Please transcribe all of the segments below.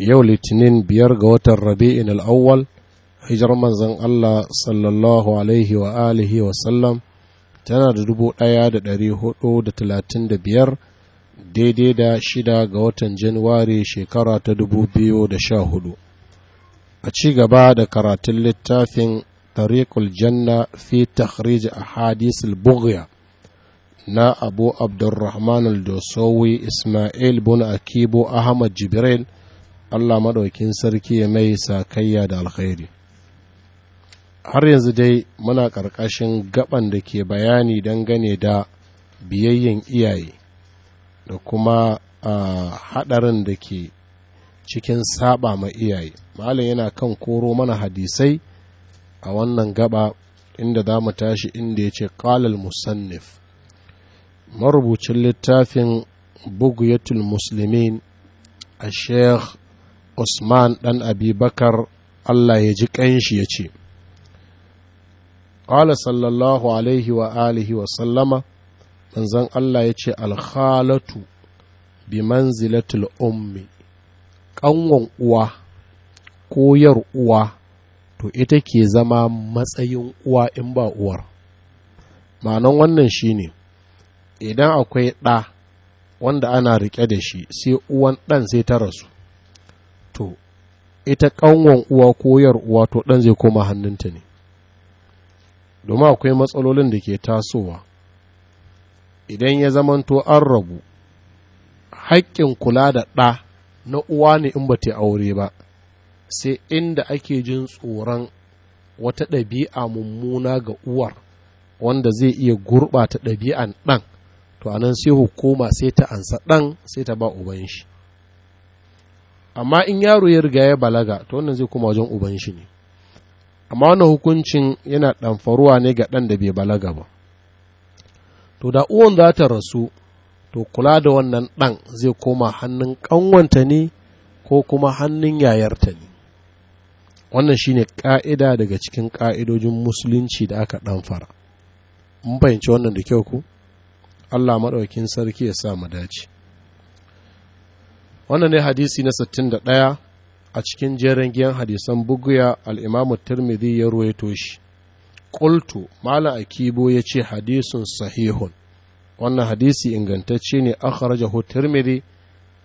yau litinin biyar ga watan rabi'in al'awwal hijar manzan Allah sallallahu alaihi wa alihi wa sallam tana da dubu ɗaya da ɗari hudu da talatin da biyar daidai da shida ga watan januwari shekara ta dubu biyu da sha hudu a ci gaba da karatun littafin tariqul janna fi takhrij ahadith al na abu abdurrahman al-dosowi ismail bin akibo ahmad jibril Allah madaukin sarki ya mai sakayya da alkhairi har yanzu dai muna ƙarƙashin gaban da ke bayani dangane da biyayyen iyaye da kuma haɗarin da ke cikin saɓa ma iyaye malam yana kan koro mana hadisai a wannan gaba inda za mu tashi inda ya ce ƙalal musannif marubucin littafin bugu Yatul musulmin, a sheikh usman ɗan abi bakar allah ya ji ƙanshi ya ce ƙala sallallahu alaihi wa alihi wa sallama manzan allah ya ce alhalatu bi manzilatul ummi Ƙanwar uwa koyar uwa to ita ke zama matsayin uwa in ba uwar ma'anan wannan shine idan akwai ɗa wanda ana riƙe da shi sai uwan ɗan sai ta rasu ita ƙanwon uwa ko uwa to ɗan zai koma hannunta ne domin akwai matsalolin da ke tasowa idan ya zamanto an rabu haƙƙin kula da ɗa na uwa ne in ba ta aure ba sai inda ake jin tsoron wata ɗabi'a mummuna ga uwar wanda zai iya gurɓata ɗabi'an ɗan to anan sai hukuma sai ta ansa ɗan sai ta ba uban shi amma in yaro ya riga ya balaga to wannan zai kuma wajen uban shi ne amma wannan hukuncin yana ɗamfaruwa ne ga ɗan da bai balaga ba to da uwan za ta rasu to kula da wannan ɗan zai koma hannun ƙanwanta ne ko kuma hannun yayarta ne wannan shine ƙa'ida daga cikin ƙa'idojin musulunci da aka ɗamfara mun fahimci wannan da kyau ku allah maɗaukin sarki ya sa mu dace wannan ne hadisi na 61 a cikin jerin giyan hadisan buguya al'imamu turmidi ya ruwaito shi ƙultu malam akibo ya ce hadisun sahihun wannan hadisi ingantacce ne an kharajahu turmidi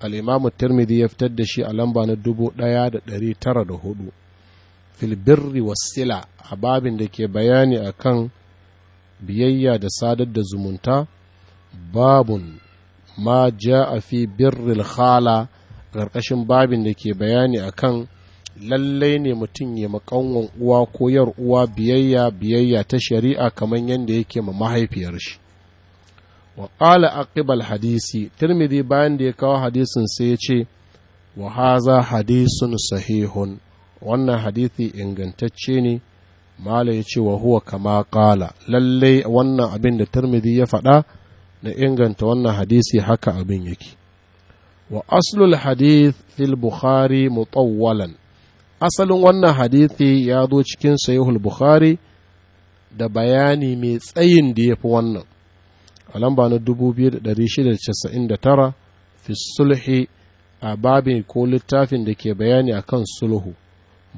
al'imamu turmidi ya fitar da shi a lamba na 1904 filbirri wasila a babin da ke bayani a kan biyayya da sadar da zumunta babun ma ja a fi birril khala ƙarƙashin babin da ke bayani a kan lallai ne mutum ya makanwan uwa ko yar uwa biyayya biyayya ta shari'a kamar yadda yake ma mahaifiyar shi wa a hadisi tirmidhi bayan da ya kawo hadisin sai ya ce wa haza hadisun sahihun wannan hadisi ingantacce ne mala ya ce wa huwa kama ƙala? lallai wannan abin da tirmidhi ya faɗa na inganta wannan hadisi haka abin yake wa aslul hadith fil bukhari mutawwalan asalin wannan hadithi ya zo cikin sahihul bukhari da bayani mai tsayin da ya fi wannan a lamba na 2699 fi sulhi a babin ko littafin da ke bayani akan sulhu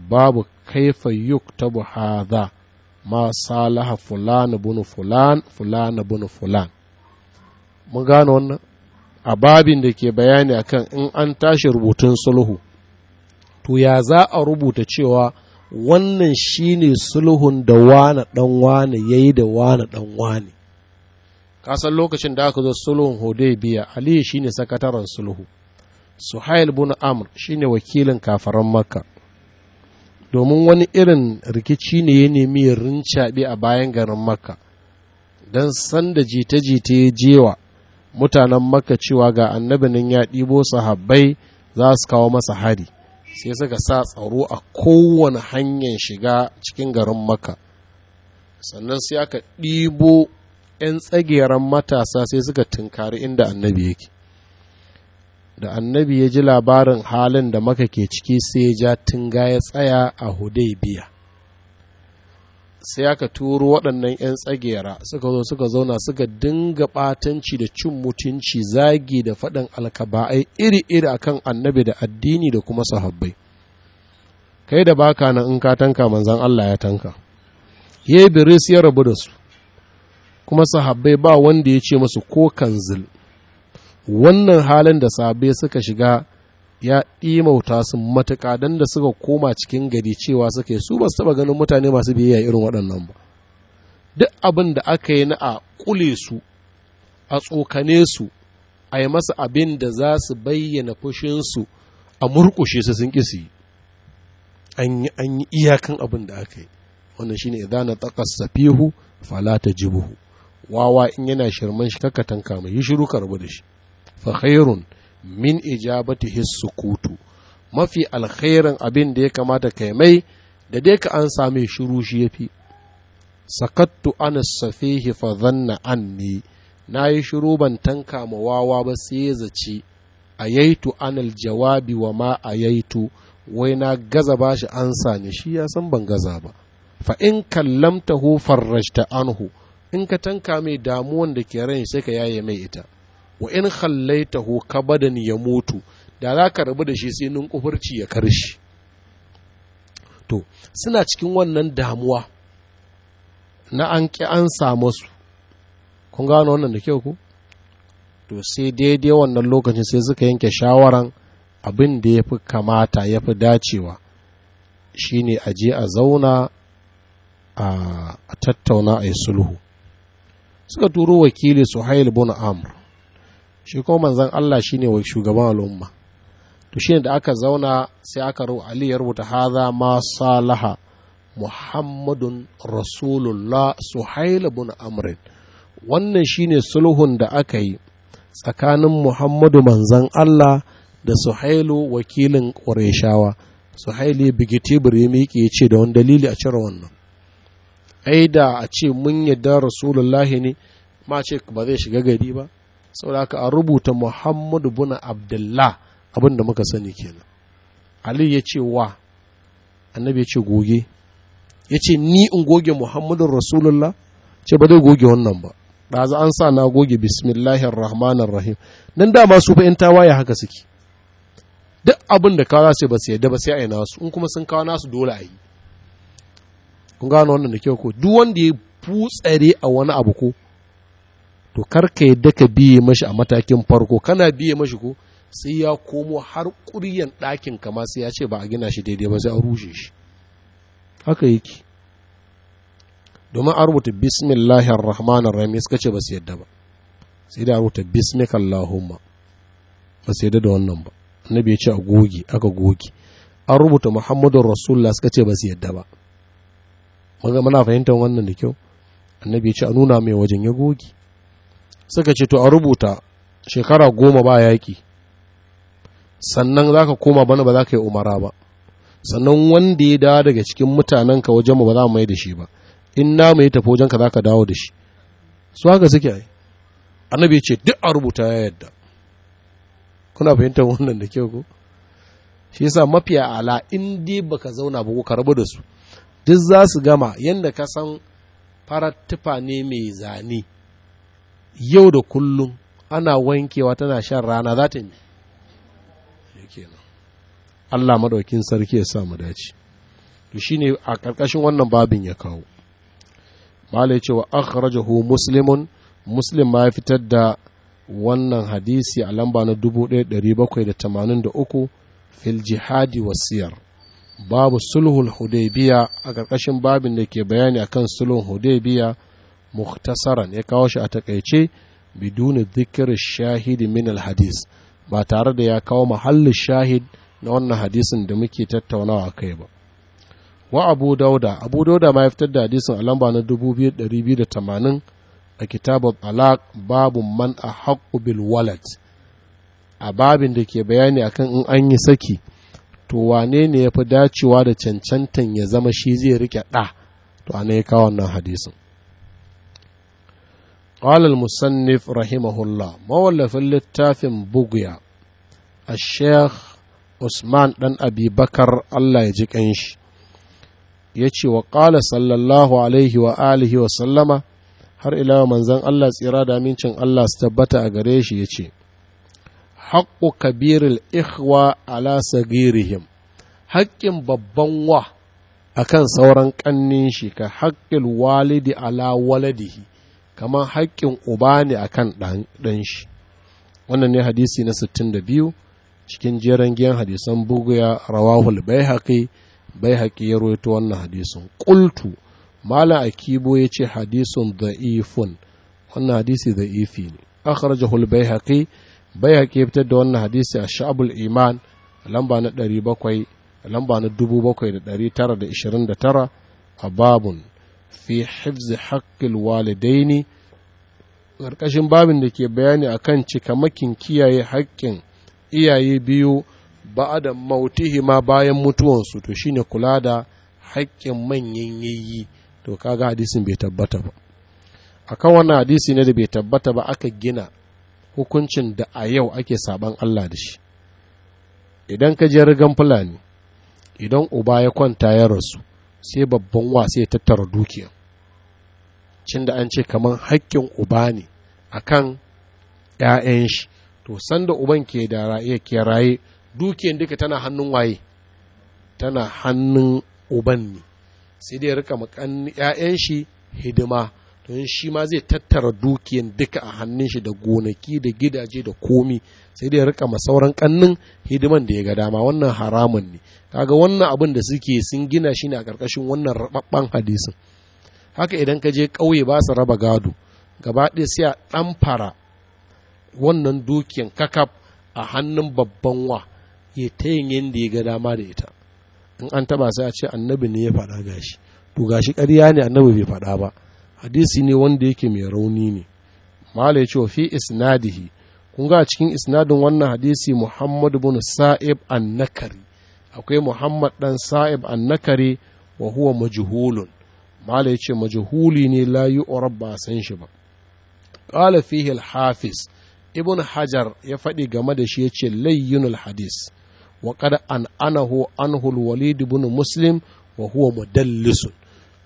babu kaifa yuktabu hadha ma salaha fulan bunu fulan fulan bunu fulan mun gano wannan a babin da ke bayani akan in an tashi rubutun sulhu to ya za a rubuta cewa wannan shine sulhun da wane dan wane yayi da wane dan wane kasan lokacin da aka zo sulhun hudaybiya ali shine sakataren sulhu suhail bin amr shine wakilin kafaran makka domin wani irin rikici ne ya nemi rincaɓe a bayan garin makka don sanda jita-jita ya jewa mutanen maka cewa ga annabi nan ya ɗibo sahabbai za su kawo masa hari sai suka sa tsaro a kowane hanyar shiga cikin garin maka, sannan sai aka ɗibo 'yan tsagiyaran matasa sai suka tunkari inda annabi yake da annabi ya ji labarin halin da maka ke ciki sai ya ja tunga ya tsaya a biya. sai aka turo waɗannan 'yan tsagera suka zo suka zauna suka dinga ɓatanci da cin mutunci zagi da faɗin alkaba'ai iri-iri akan annabi da addini da kuma sahabbai kai da baka nan in ka tanka manzan Allah ya tanka ya biris ya rabu da su kuma sahabbai ba wanda ya ce masu ko kanzil wannan halin da sahabbai suka shiga ya ɗimauta su matuƙa don da suka koma cikin gari cewa suke su ba su taɓa ganin mutane masu biyayya irin waɗannan ba duk abin da aka yi na a ƙule su a tsokane su a yi masa abin da za su bayyana fushinsu a murƙushe su sun ƙisi an yi an yi iyakan abin da aka yi wannan shine idan na taƙas safihu fala ta jibuhu wawa in yana shirman shi kakka tanka mai yi shiru karbu da shi fa min ijabati sukutu mafi alkhairin abin da ya kamata kai mai da dai ka an same shiru shi yafi sakattu ana safihi fa dhanna anni nayi shiru ban tanka ma wawa ba sai ya zaci ayaitu anal jawabi wa ma ayaitu wai na gaza ba shi ansa ne shi ya san ban gaza ba fa in kallamtahu farrajta anhu in ka tanka mai damuwan da ke ran sai ka yaye mai ita wa in ka kabadan ya mutu da za ka rabu da shi sai nun kufurci ya karshi to suna cikin wannan damuwa na an ki an samu su kun gano wannan da kyau ku to sai daidai wannan lokacin sai suka yanke shawaran abin da ya fi kamata ya fi dacewa shine a je a zauna a tattauna a yi sulhu suka turo wakili suhail bin amr shi ko manzan Allah shi wa shugaban al'umma to shi ne da aka zauna sai aka ru Ali ya rubuta haza ma salaha Muhammadun Rasulullah haila bin amrin wannan shi ne sulhun da aka yi tsakanin Muhammadu manzan Allah da Suhailu wakilin Qurayshawa Suhaili bigiti birimi ke ce da wani dalili a cire wannan ai da a ce mun yadda Rasulullahi ne ma ce ba zai shiga gari ba saboda haka a rubuta muhammadu buna abdullah abin da muka sani kenan ali ya ce wa annabi ya ce goge ya ce ni in goge Muhammadu rasulullah ce ba zai goge wannan ba Da za an sa na goge bismillahir rahmanir rahim nan dama su fa in tawaye haka suke duk abin da kawo su ba su yadda ba sai a yi nasu in kuma sun kawo nasu dole a yi kun gano wannan da kyau ko duk wanda ya futsare a wani abu ko to karka yadda ka biye mashi a matakin farko kana biye mashi ko sai ya komo har ƙuryan ɗakin kama sai ya ce ba a gina shi daidai ba sai a rushe shi haka yake domin a rubuta bismillahir rahmanir rahim suka ce ba su yadda ba sai da rubuta bismikallahumma ba su yadda da wannan ba annabi ya ce a goge aka goge an rubuta muhammadun rasulullah suka ce ba su yadda ba maza muna fahimtar wannan da kyau annabi ya ce a nuna mai wajen ya goge suka ce to a rubuta shekara goma ba yaƙi sannan za ka koma bana ba za ka yi umara ba sannan wanda ya dawo daga cikin mutanenka wajenmu ba za mu mai da shi ba in na mu yi tafi wajenka za ka dawo da shi su haka suke yi annabi ya ce duk a rubuta ya yadda kuna fahimtar wannan da kyau ko shi yasa mafiya ala in dai baka zauna ba ko ka rabu da su duk za su gama yadda ka san farar tufa ne mai zane yau da kullum ana wankewa tana shan rana za ta yi Allah maɗaukin sarki ya samu mu dace to ne a ƙarƙashin wannan babin ya kawo malai cewa akhrajahu muslimun muslim ma ya fitar da wannan hadisi a lamba na 1783 fil jihadi wasiyar babu sulhul Hudaibiya a ƙarƙashin babin da ke bayani akan sulhun Hudaibiya. muktasaran ya kawo shi a takaice biduni dhikr shahidi min alhadis ba tare da ya kawo mahallin shahid na wannan hadisin da muke tattaunawa kai ba wa abu dauda abu dauda ma ya fitar da hadisin a lamba na 2280 a kitabun alaq babu man a bil walad a babin da ke bayani akan in an yi saki to wane ne ya fi dacewa da cancantan ya zama shi zai rike ɗa to ana ya kawo wannan hadisin قال المصنف رحمه الله مولف اللتاف بغيا الشيخ عثمان بن أبي بكر الله يجيك إنش يتشي وقال صلى الله عليه وآله وسلم har ila manzan Allah tsira da amincin Allah su tabbata a gare shi ya ce, Haƙƙu kabiril ikhwa ala sagirihim, haƙƙin babban wa akan sauran ƙannin shi ka haƙƙin walidi ala waladihi, kamar haƙƙin uba ne akan ɗan shi wannan ne hadisi na 62 cikin jeren giyan hadisan buguya rawahul bai haƙi ya roito wannan mala a malam akibo ce hadisun da'ifun wannan hadisi da'ifi ne akhrajahu bai baihaqi ya fitar da wannan hadisi a sha'abul iman lamba na 700 lamba na 7929 a babun fi hifzi haƙƙin walidaini ƙarƙashin babin da ke bayani akan cikamakin kiyaye haƙƙin iyaye biyu ba da mautihi ma bayan mutuwansu to shine kula da haƙƙin manyan yayi to kaga hadisin bai tabbata ba akan wannan hadisi ne da bai tabbata ba aka gina hukuncin da a yau ake saban Allah da shi idan ka je rigan fulani idan uba ya kwanta ya rasu sai babban wa ya tattara dukiya cin da an ce kamar haƙƙin uba ne a kan ‘ya'yan shi to sanda uban ke da raye ke raye dukiyan duka tana hannun waye tana hannun uban ne sai dai rika makan ‘ya'yan shi hidima don shi ma zai tattara dukiyan duka a hannun shi da gonaki da gidaje da komi sai dai rika ma sauran kannin hidiman da ya ga dama wannan haramun ne kaga wannan abin da suke sun gina shi ne a ƙarƙashin wannan rababban hadisin haka idan ka je ƙauye ba su raba gado gaba ɗaya sai a ɗan fara wannan dukiyan kakaf a hannun babban wa ya ta yin yadda ya ga dama da ita in an taba sai a ce annabi ne ya faɗa gashi to gashi ƙarya ne annabi bai faɗa ba hadisi ne wanda yake mai rauni ne mala ya ce fi isnadihi kun ga cikin isnadin wannan hadisi muhammad bin sa'ib an-nakari akwai muhammad dan sa'ib annakari wa huwa majhulun mala yace majhuli ne la yu'rab ba san shi ba qala fihi hafiz ibn hajar ya faɗi game da shi yace layyunul hadis wa qad an anahu anhu al-walid ibn muslim wa huwa mudallisun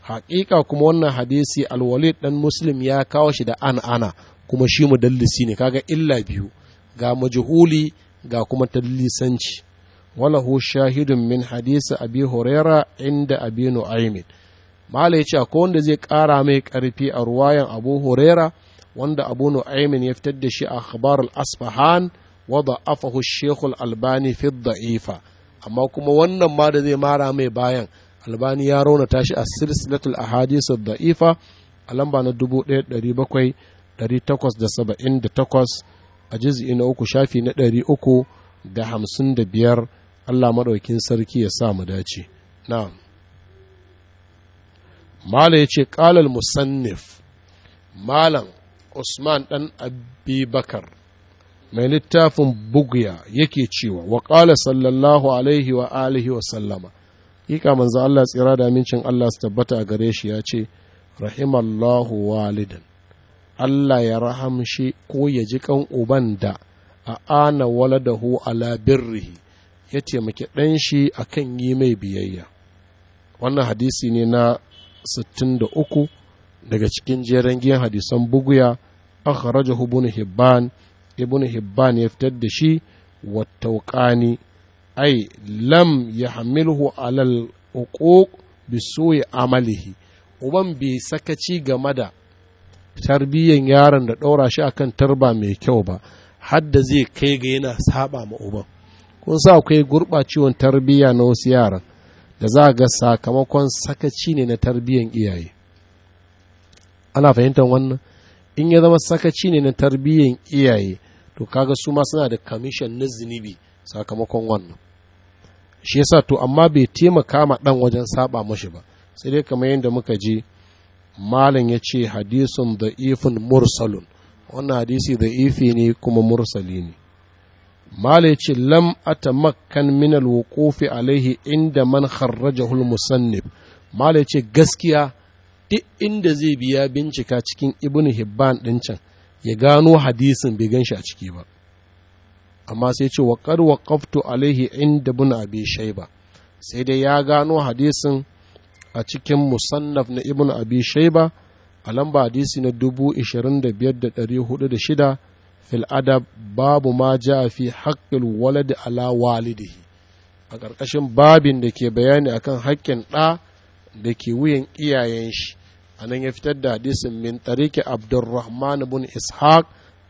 haƙiƙa kuma wannan hadisi alwalid dan muslim ya kawo shi da an ana kuma shi mudallisi ne kaga illa biyu ga majhuli ga kuma tallisanci walahu shahidun min hadisi abi huraira inda abi nu'aymin mala ya ce akwai wanda zai ƙara mai ƙarfi a ruwayan abu wanda abu ya fitar da shi a akhbarul asfahan wa da'afahu shekul albani fi da'ifa amma kuma wannan ma da zai mara mai bayan albani ya raunata shi a silsilatul ahadisu da'ifa a lamba na dubu da da 1778 a jiz'i na uku shafi na uku da da hamsin biyar. Allah maɗaukin sarki ya sa mu dace na'am mala ya ce ƙalal musannif malam usman ɗan Abibakar, mai littafin bugya yake cewa wa ƙala sallallahu alaihi wa alihi wa sallama ƙiƙa manzo Allah tsira da amincin Allah su tabbata a gare shi ya ce rahimallahu walidan Allah ya rahamshi ko ya ji kan uban da a ana wala hu ala birrihi ya taimaki ɗan shi a kan yi mai biyayya wannan hadisi ne na 63 daga cikin jeren giyan hadisan buguya akhrajahu ibn hibban ibn hibban ya fitar da shi wa tauƙani ai lam yahmilhu alal uquq bi su'i amalihi uban bai sakaci game da tarbiyyan yaron da ɗaura shi akan tarba mai kyau ba hadda zai kai ga yana saba ma uban kun sa akwai gurɓacewan tarbiyya na wasu yaran da za ga sakamakon sakaci ne na tarbiyyan iyaye ana fahimtar wannan in ya zama sakaci ne na tarbiyyan iyaye to kaga su ma suna da kamishin na zunubi sakamakon wannan shi yasa to amma bai taimaka ma ɗan wajen saba mashi ba sai dai kamar yadda muka je malam ya ce hadisun da ifin mursalun wannan hadisi da ifi ne kuma mursali ne malai ya ce lam atamakkan min alwuqufi alaihi inda man kharrajahu almusannif mala ya ce gaskiya duk inda zai biya bincika cikin ibn hibban din can ya gano hadisin bai gan shi a ciki ba amma sai ce wa qad alaihi inda ibn abi shayba sai dai ya gano hadisin a cikin musannaf na ibn abi shayba a lamba hadisi na fil adab babu ma ja fi haƙƙil walad ala walidihi a ƙarƙashin babin da ke bayani akan haƙƙin ɗa da ke wuyan iyayen shi a nan ya fitar da hadisin min tariki abdurrahman bin ishaq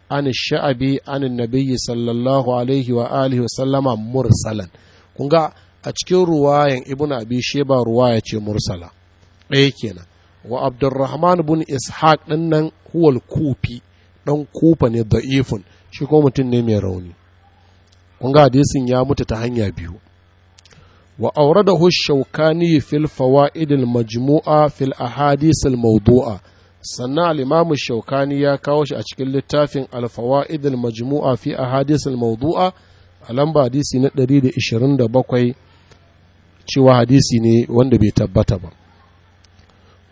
an sha'abi an nabiyyi sallallahu alaihi wa alihi sallama mursalan kun ga a cikin ruwayan ibn abi sheba ruwaya ce mursala ɗaya kenan wa abdurrahman bin ishaq ɗin huwal kufi dan kufa ne da'ifun shi ko mutum ne mai rauni kun ga hadisin ya mutu ta hanya biyu wa auradahu shaukani fil fawaid al majmu'a fil ahadith al mawdu'a sannan al shaukani ya kawo shi a cikin littafin al fawaid al majmu'a fi ahadith al mawdu'a a lamba hadisi na 127 cewa hadisi ne wanda bai tabbata ba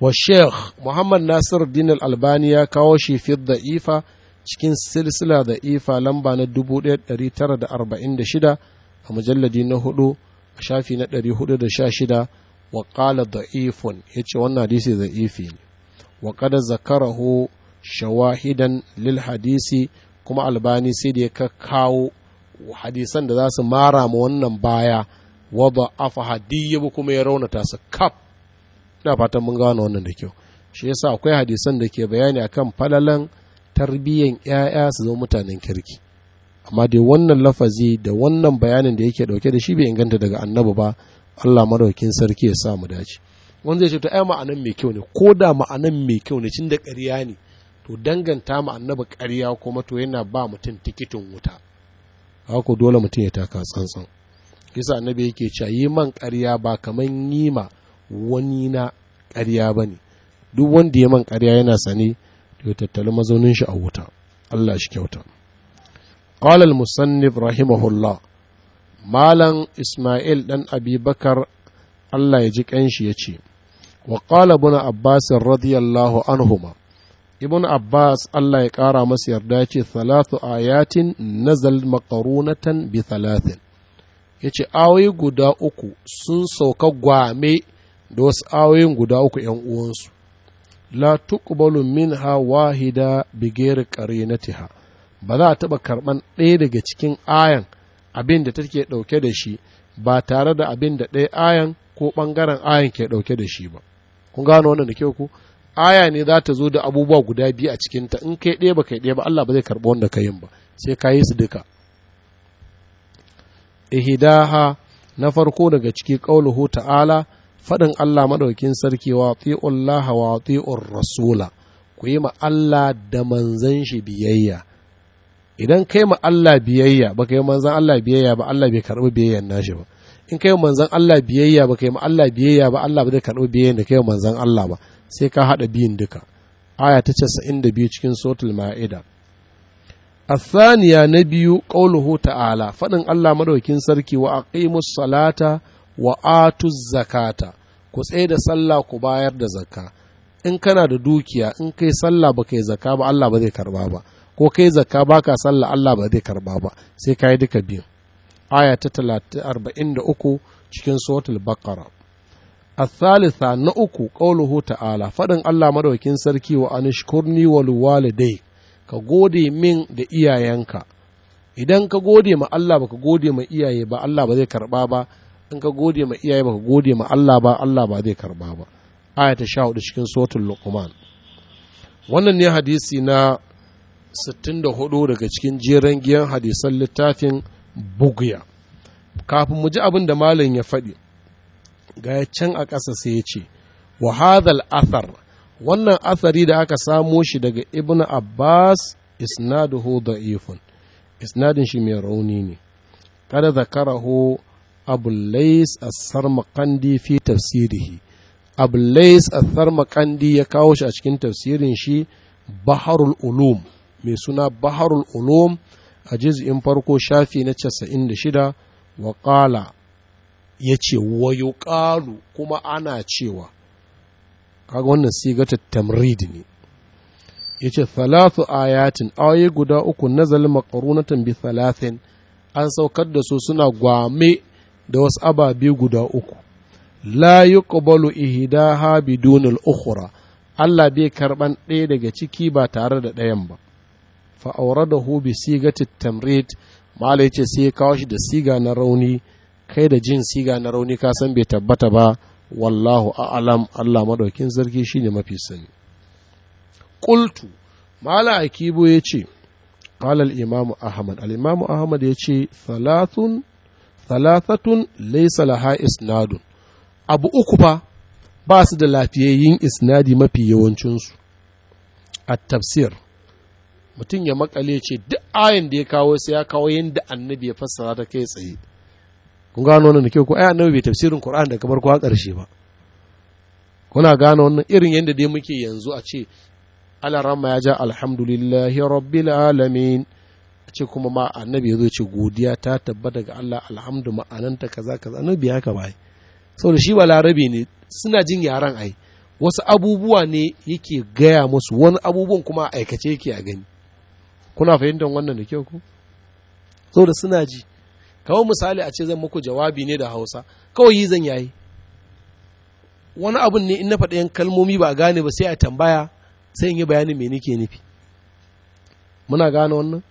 wa sheikh muhammad nasir din albani ya kawo shi fi cikin silsila da'ifa lamba na 1946 a mujalladi na hudu a shafi na 416 wa qala da'ifun yace wannan hadisi da'ifi ne wa qad zakarahu shawahidan lil hadisi kuma albani sai da ya kawo hadisan da za su mara ma wannan baya wadda afa hadiyya kuma ya raunata su kaf ina fatan mun gano wannan da kyau shi yasa akwai hadisan da ke bayani akan falalan tarbiyyan 'ya'ya su zama mutanen kirki amma dai wannan lafazi da wannan bayanin da yake dauke da shi bai inganta daga annabi ba Allah madaukin sarki ya sa mu dace wanda zai ce to ai ma'anan mai kyau ne ko da ma'anan mai kyau ne da ƙarya ne to danganta ma annabi ƙarya kuma to yana ba mutum tikitin wuta haka dole mutum ya taka tsantsan yasa annabi yake cewa yi man ƙarya ba kaman yi ma wani na karya ba ne duk wanda ya man karya yana sane da tattali mazaunin shi a wuta Allah shi kyauta ƙalal musannif rahimahullah malam ismail ɗan abibakar Allah ya ji ƙanshi ya ce wa ƙala buna abbas radiyallahu anhuma ibn abbas Allah ya ƙara masa yarda ya ce salatu ayatin nazal makarunatan bi salatin ya ce guda uku sun sauka gwame da wasu ayoyin guda uku ‘yan uwansu, la tuqbalu minha wahida bigeri qarinatiha ba za a taɓa karɓan ɗaya daga cikin ayan abin da take ɗauke da shi ba tare da abin da ɗaya ayan ko ɓangaren ayan ke ɗauke da shi ba. Kun gano wannan da kyau ku? Aya ne za ta zo da abubuwa guda biyu a cikinta in kai ɗaya ba kai ɗaya ba Allah ba zai karɓi wanda ka yin ba sai ka yi su duka. Ihidaha na farko daga ciki ƙauluhu ta'ala faɗin Allah maɗaukin sarki wa Allah wa rasula ku yi ma Allah da manzan shi biyayya idan kai ma Allah biyayya ba ka yi manzan Allah biyayya ba Allah bai karɓi biyayyan nashi ba in kai manzan Allah biyayya ba ka yi ma Allah biyayya ba Allah bai karɓi biyayyan da kai manzan Allah ba sai ka haɗa biyun duka aya ta casa'in da biyu cikin sotul ma'ida الثانية نبي قوله تعالى فإن الله مدوكين سركي وأقيموا الصلاة وآتوا الزكاة ku tsaye da sallah ku bayar da zakka in kana da dukiya in kai sallah ba kai zakka ba Allah ba zai karba ba ko kai zakka ba ka sallah Allah ba zai karba ba sai kayi duka biyu aya ta 43 cikin suratul baqara الثالثة نأكو قوله تعالى فدن الله مدوكين سركي وأنشكرني والوالدي ka gode min da iyayenka idan ka gode ma Allah ba ka gode ma iyaye ba Allah ba zai karba ba in ka gode ma iyaye ka gode ma Allah ba Allah ba zai karba ba aya ta sha hudu cikin sotun luqman wannan ne hadisi na 64 daga cikin jeren giyan hadisan littafin bugya kafin mu ji abin da malam ya faɗi ga ya can a ƙasa sai ya ce wa hadhal athar wannan athari da aka samo shi daga ibnu abbas isnaduhu da'ifun isnadin shi mai rauni ne kada zakarahu abulais as-sarmaqandi fi tafsirihi abulais as-sarmaqandi ya kawo shi a cikin tafsirin shi baharul ulum mai suna baharul ulum a juz'in farko shafi na 96 wa qala yace wayo yuqalu kuma ana cewa kaga wannan sigata tamrid ne yace thalathu ayatin ayoyi guda uku nazal maqrunatan bi thalathin an saukar da su suna gwame da wasu ababe guda uku la yuqbalu ihdaha bidunil ukhra Allah bai karɓan ɗaya daga ciki ba tare da ɗayan ba fa awradahu bi sigati tamrid mala yace sai ya kawo shi da siga na rauni kai da jin siga na rauni ka san bai tabbata ba wallahu a'lam Allah madaukin sarki shine mafi sani qultu mala akibo yace qala al-imam ahmad al-imam ahmad yace thalathun thalathatun laysa laha isnadun abu uku fa ba su da lafiyayyin isnadi mafi yawancinsu a tafsir mutum ya makale ce duk ayin da ya kawo sai ya kawo yadda annabi ya fassara ta kai tsaye kun gano wannan da kyau ko ai annabi bai tafsirin qur'an daga farko a ƙarshe ba kuna gano wannan irin yadda dai muke yanzu a ce alaramma ya ja alhamdulillahi rabbil alamin a ce kuma ma annabi ya zo ce godiya ta tabbata ga Allah alhamdu ma'ananta kaza kaza annabi haka bai saboda shi ba larabi ne suna jin yaran ai wasu abubuwa ne yake gaya musu wani abubuwan kuma aikace yake a gani kuna fahimtar wannan da kyau ku saboda suna ji kawai misali a ce zan muku jawabi ne da hausa kawai yi zan yayi wani abun ne in na faɗa yan kalmomi ba gane ba sai a tambaya sai in yi bayanin me nake nufi muna gane wannan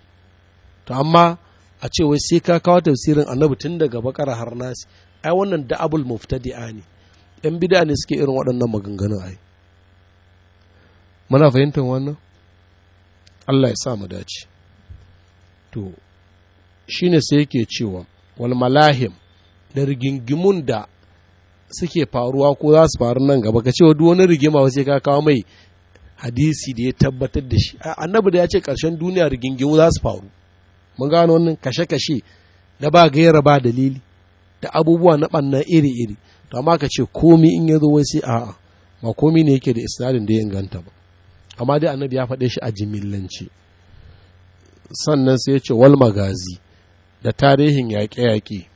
to amma a ce wai sai ka kawo tafsirin annabi tun daga bakara har nasi ai wannan da abul muftadi'a ne yan bid'a ne suke irin waɗannan maganganun ai muna fahimtar wannan Allah ya sa mu dace to shine sai yake cewa wal malahim da rigingimun da suke faruwa ko za su faru nan gaba ka cewa duk wani rigima sai ka kawo mai hadisi da ya tabbatar da shi annabi da ya ce ƙarshen duniya rigingimu za su faru mun gano wannan kashe-kashe da ba gaira ba dalili da abubuwa na ɓanna iri-iri to amma ka ce komi in ya zo wai sai a'a ba komi ne yake da isnadin da ya inganta ba amma dai annabi ya faɗe shi a jimillance sannan sai ya ce wal magazi da tarihin yaƙe-yaƙe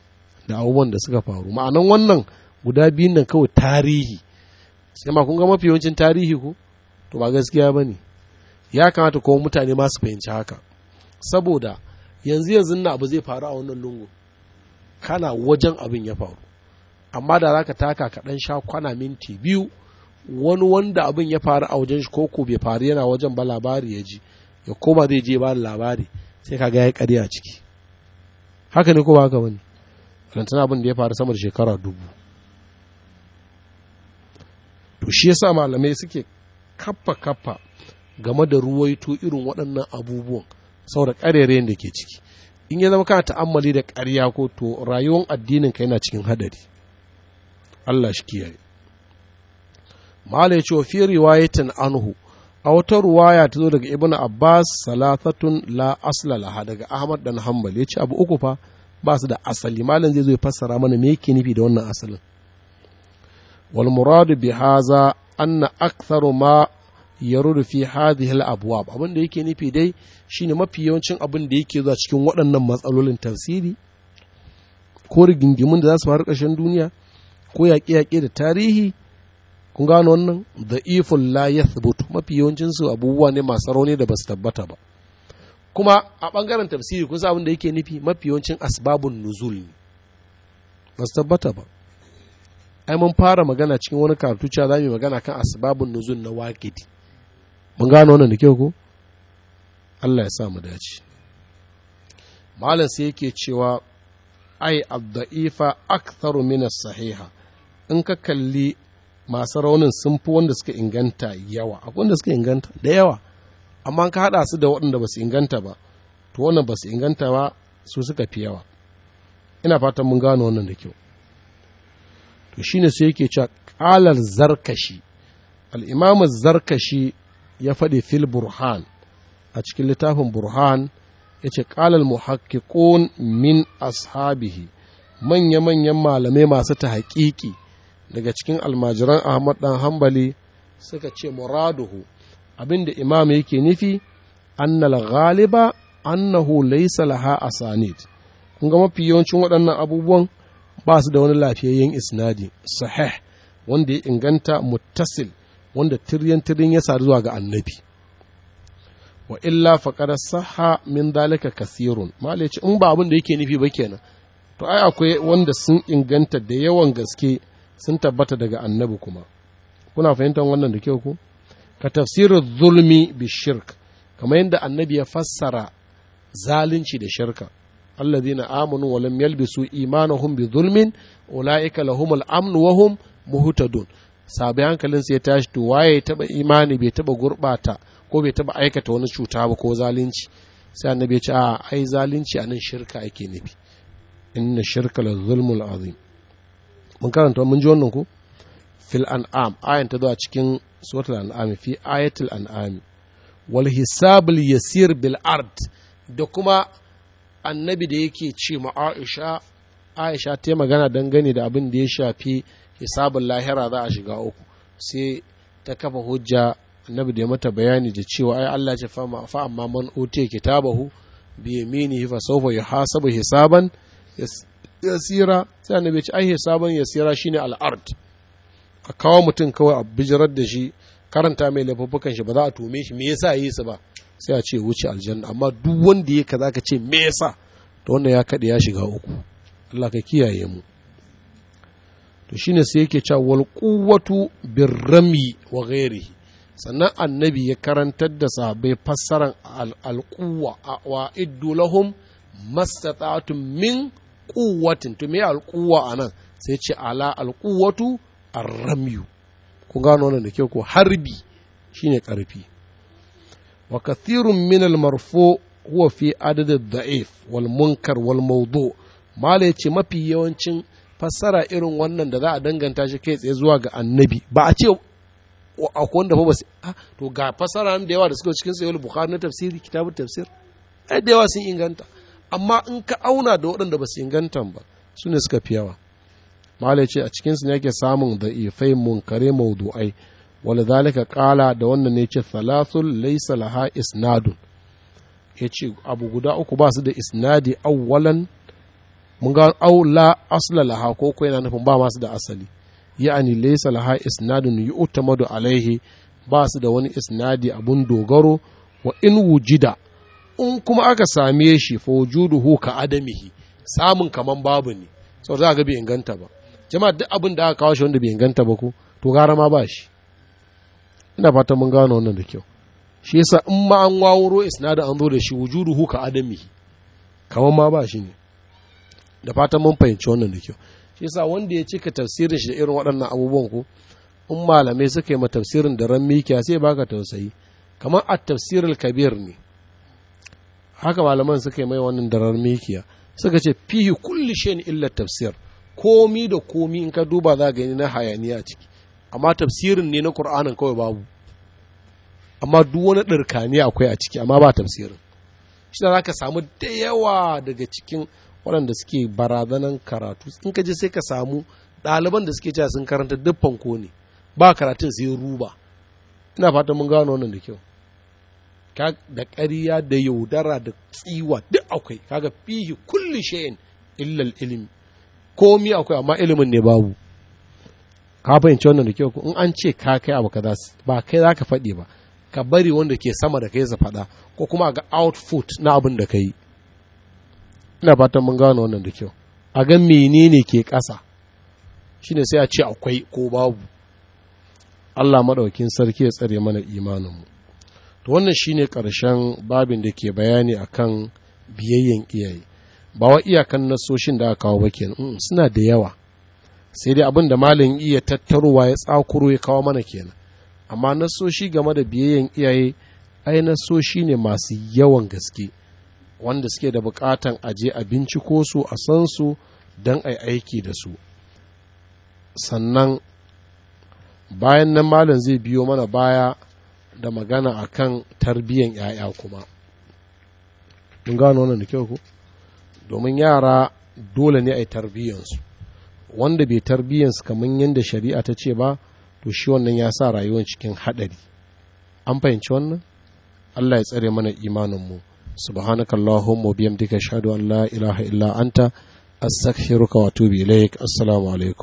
da abubuwan da suka faru ma'anan wannan guda biyun nan kawai tarihi sai ma kun ga mafi yawancin tarihi ko to ba gaskiya ba ne ya kamata kuma mutane ma su fahimci haka saboda yanzu yanzu na abu zai faru a wannan lungu kana wajen abin ya faru amma da zaka taka ka dan sha kwana minti biyu wani wanda abin ya faru a wajen shi ko ko bai faru yana wajen ba labari ya ji ya koma zai je ba labari sai ka ga ya karya a ciki haka ne ko ba haka bane rantana abin da ya faru sama da shekara dubu to shi yasa malamai suke kaffa kaffa game da ruwaito irin waɗannan abubuwan saboda ƙarerayen da ke ciki in ya zama kana ta'ammali da ƙarya ko to rayuwar addinin ka yana cikin hadari Allah shi kiyaye mala ya ce wa fi riwayatin anhu a wata ruwaya ta zo daga Ibn abbas salatatun la asla laha daga ahmad dan hanbal ya ce abu uku fa ba su da asali malam zai zo ya fassara mana me yake nufi da wannan asalin wal muradu bi haza anna aktharu ma ya rufe hadhihi abwab abin da yake nufi dai shine mafi yawancin abin da yake zuwa cikin waɗannan matsalolin tafsiri ko rigingimun da za su faru ƙarshen duniya ko yaƙe-yaƙe da tarihi kun gano wannan da ifun la yathbut mafi yawancinsu abubuwa ne masu rauni da ba su tabbata ba kuma a ɓangaren tafsiri kun abin da yake nufi mafi yawancin asbabun nuzul ne ba su tabbata ba ai mun fara magana cikin wani karatu cewa za mu magana kan asbabun nuzul na wakidi mun gano wannan da kyau ko Allah ya sa mu dace malam sai yake cewa ai ad-da'ifa aktharu min as-sahiha in ka kalli masu raunin sun fi wanda suka inganta yawa akwai wanda suka inganta da yawa amma ka haɗa su da waɗanda ba su inganta ba to wannan ba su inganta ba su suka fi yawa ina fatan mun gano wannan da kyau to shine sai yake cewa ƙalar zarkashi al'imamu zarkashi ya faɗi fil burhan a cikin littafin burhan ya ce ƙalal muhakkikun min ashabihi manya-manyan malamai masu ta haƙiƙi daga cikin almajiran ahmad ɗan hambali suka ce muraduhu abinda imam yake nufi annal ghaliba annahu laysa laha asanid kun ga mafi yawancin waɗannan abubuwan ba su da wani lafiyayyen isnadi sahih wanda ya inganta muttasil wanda tiryan-tiryan ya sadu zuwa ga annabi wa illa faqad sahha min dalika kasirun malai ce in ba abin da yake nufi ba kenan to ai akwai wanda sun inganta da yawan gaske sun tabbata daga annabi kuma kuna fahimtar wannan da kyau ko ka tafsiru zulmi bi shirk kamar yadda annabi ya fassara zalunci da shirka alladhina amanu wa lam yalbisu imanahum bi zulmin ulaika lahumul amnu wa hum muhtadun sabai hankalinsu ya tashi to waye taba imani bai taba gurbata ko bai taba aikata wani cuta ba ko zalunci sai annabi ya ce a ai zalunci anan shirka ake nufi inna shirka la zulmul azim mun karanta mun ji wannan ko fil an'am ayan ta zo a cikin suratul an'am fi ayatul an'am wal hisabul yasir bil ard da kuma annabi da yake ce ma Aisha Aisha ta magana dangane da abin da ya shafi hisabin lahira za a shiga uku sai ta kafa hujja annabi da mata bayani da cewa ai Allah ce fa amma man utiya kitabahu bi yaminihi fa sawfa yuhasabu hisaban yasira sai annabi ya ce ai hisaban yasira shine al-ard a kawo mutum kawai a bijirar da shi karanta mai lafafukan shi ba za a tume shi me yasa yi su ba sai a ce wuce aljanna amma duk wanda ya kaza ka ce me yasa to wannan ya kade ya shiga uku Allah ka kiyaye mu to shine sai yake cewa wal quwwatu birrami wa ghairihi sannan annabi ya karantar da sahabbai fassaran alquwa wa iddu lahum mastata'tum min quwwatin to me a nan sai ce ala alƙuwatu arramyu ku gano wannan da ke ko harbi shine karfi wa kathirun min almarfu huwa fi adad ad-da'if wal munkar wal mawdu mala yace mafi yawancin fassara irin wannan da za a danganta shi kai tsaye zuwa ga annabi ba a ce a wanda ba su ah, to ga fassara da yawa da suka cikin tsayuwar bukhari na tafsiri kitabun tafsir ai da yawa sun inganta amma in ka auna da waɗanda ba su inganta ba su ne suka fi yawa malai ce a cikin su ne ake samun da ifai munkare maudu'ai wala zalika kala da wannan ne ce salasul laysa laha isnadun yace abu guda uku ba su da isnadi awwalan mun ga au la asla laha ko ko yana nufin ba masu da asali ya'ani laysa laha isnadun yu'tamadu alaihi ba su da wani isnadi abun dogaro wa in wujida in kuma aka same shi fa wujuduhu ka adamihi samun kaman babu ne sau za ga bai inganta ba jama'a duk abin da aka kawo shi wanda bai inganta ba ko to gara ma ba shi ina fata mun gano wannan da kyau shi yasa in ma an wawuro isnadin an zo da shi wujuduhu ka adamihi kaman ma ba shi ne da fatan mun fahimci wannan da kyau shi yasa wanda ya cika tafsirin shi da irin waɗannan abubuwan ko in malamai suka yi ma tafsirin da ran mikiya sai baka tausayi kamar a tafsirin kabir ne haka malaman suka yi mai wannan da ran mikiya suka ce fihi kulli shayin illa tafsir komi da komi in ka duba za ga na hayaniya a ciki amma tafsirin ne na qur'anin kawai babu amma duk wani ɗirkani akwai a ciki amma ba tafsirin shi za ka samu da yawa daga cikin waɗanda suke barazanan karatu in ka je sai ka samu ɗaliban da suke cewa sun karanta duk fanko ne ba karatun sai ruba ina fatan mun gano wannan da kyau ka da ƙarya da yaudara da tsiwa duk akwai kaga fihi kulli shay'in illal ilimi komi akwai amma ilimin ne babu ka fahimci wannan da kyau ko in an ce ka kai abu kaza ba kai zaka faɗi ba ka bari wanda ke sama da kai su faɗa ko kuma ga output na abin da kai ina fatan mun gano wannan da kyau a ga menene ke ƙasa shine sai a ce akwai ko babu Allah maɗaukin sarki ya tsare mana imaninmu to wannan shine ƙarshen babin da ke bayani akan biyayyen iyaye ba wa iyakan nasoshin da aka kawo ba kenan mm, suna da yawa sai dai abin da malin iya tattarowa ya tsakuro ya kawo mana kenan amma nasoshi game da biyayyen iyaye ai nasoshi ne masu yawan gaske wanda suke da bukatan aje a binciko su a san su don a aiki da su sannan bayan nan malam zai biyo mana baya da magana a kan tarbiyyan 'ya'ya kuma mun gano wannan da kyau ku domin yara dole ne a yi tarbiyyansu wanda bai tarbiyyansu kamar yadda shari'a ta ce ba to shi wannan ya sa rayuwar cikin haɗari an fahimci wannan allah ya tsare mana imaninmu mu subhanakallahumma biyamdika ashhadu an la ilaha ila anta astaghfiruka wa atubu ilaik assalamu alaikum